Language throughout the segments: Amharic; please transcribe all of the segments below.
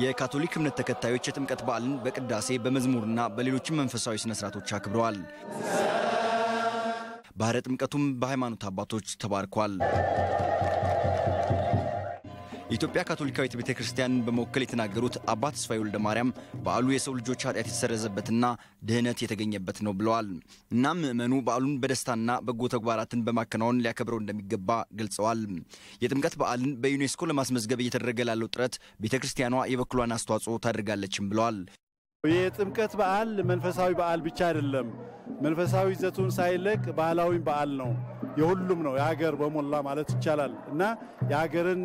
የካቶሊክ እምነት ተከታዮች የጥምቀት በዓልን በቅዳሴ በመዝሙርና በሌሎችም መንፈሳዊ ስነ ስርዓቶች አክብረዋል። ባህረ ጥምቀቱም በሃይማኖት አባቶች ተባርኳል። የኢትዮጵያ ካቶሊካዊት ቤተ ክርስቲያንን በመወከል የተናገሩት አባት ስፋይ ወልደ ማርያም በዓሉ የሰው ልጆች ኃጢአት የተሰረዘበትና ድህነት የተገኘበት ነው ብለዋል። እናም ምዕመኑ በዓሉን በደስታና በጎ ተግባራትን በማከናወን ሊያከብረው እንደሚገባ ገልጸዋል። የጥምቀት በዓልን በዩኔስኮ ለማስመዝገብ እየተደረገ ላለው ጥረት ቤተ ክርስቲያኗ የበኩሏን አስተዋጽኦ ታደርጋለችም ብለዋል። የጥምቀት በዓል መንፈሳዊ በዓል ብቻ አይደለም። መንፈሳዊ ይዘቱን ሳይለቅ ባህላዊ በዓል ነው። የሁሉም ነው፣ የሀገር በሞላ ማለት ይቻላል እና የሀገርን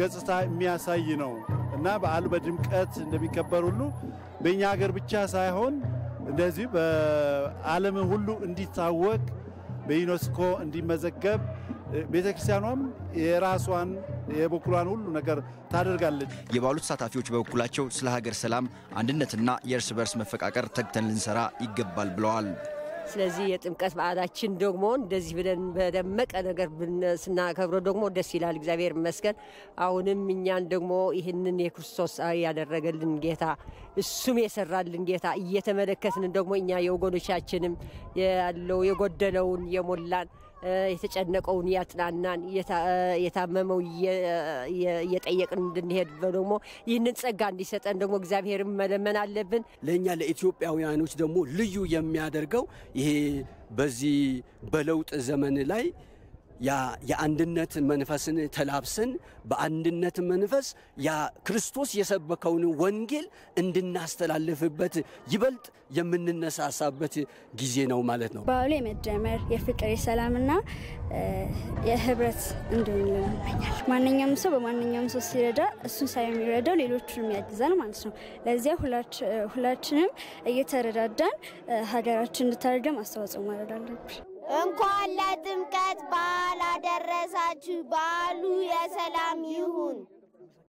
ገጽታ የሚያሳይ ነው እና በዓሉ በድምቀት እንደሚከበር ሁሉ በእኛ ሀገር ብቻ ሳይሆን እንደዚህ በዓለም ሁሉ እንዲታወቅ በዩኔስኮ እንዲመዘገብ ቤተ ክርስቲያኗም የራሷን የበኩሏን ሁሉ ነገር ታደርጋለች። የባሉ ተሳታፊዎች በበኩላቸው ስለ ሀገር ሰላም፣ አንድነትና የእርስ በርስ መፈቃቀር ተግተን ልንሰራ ይገባል ብለዋል። ስለዚህ የጥምቀት በዓላችን ደግሞ እንደዚህ ብለን በደመቀ ነገር ስናከብረ ደግሞ ደስ ይላል። እግዚአብሔር ይመስገን። አሁንም እኛን ደግሞ ይህንን የክርስቶስ ያደረገልን ጌታ እሱም የሰራልን ጌታ እየተመለከትን ደግሞ እኛ የወገኖቻችንም ያለው የጎደለውን የሞላን የተጨነቀውን እያጽናናን የታመመው እየጠየቅን እንድንሄድ በደግሞ ይህንን ጸጋ እንዲሰጠን ደግሞ እግዚአብሔርን መለመን አለብን። ለእኛ ለኢትዮጵያውያኖች ደግሞ ልዩ የሚያደርገው ይሄ በዚህ በለውጥ ዘመን ላይ የአንድነት መንፈስን ተላብሰን በአንድነት መንፈስ ያ ክርስቶስ የሰበከውን ወንጌል እንድናስተላልፍበት ይበልጥ የምንነሳሳበት ጊዜ ነው ማለት ነው። በዓሉ የመደመር የፍቅር የሰላምና የህብረት እንዲሆን ይመኛል። ማንኛውም ሰው በማንኛውም ሰው ሲረዳ እሱን ሳይ የሚረዳው ሌሎቹንም ያግዛል ማለት ነው። ለዚያ ሁላችንም እየተረዳዳን ሀገራችን እንድታደርገም አስተዋጽኦ ማድረግ አለብን። እንኳን ለጥምቀት በዓል አደረሳችሁ። በዓሉ የሰላም ይሁን።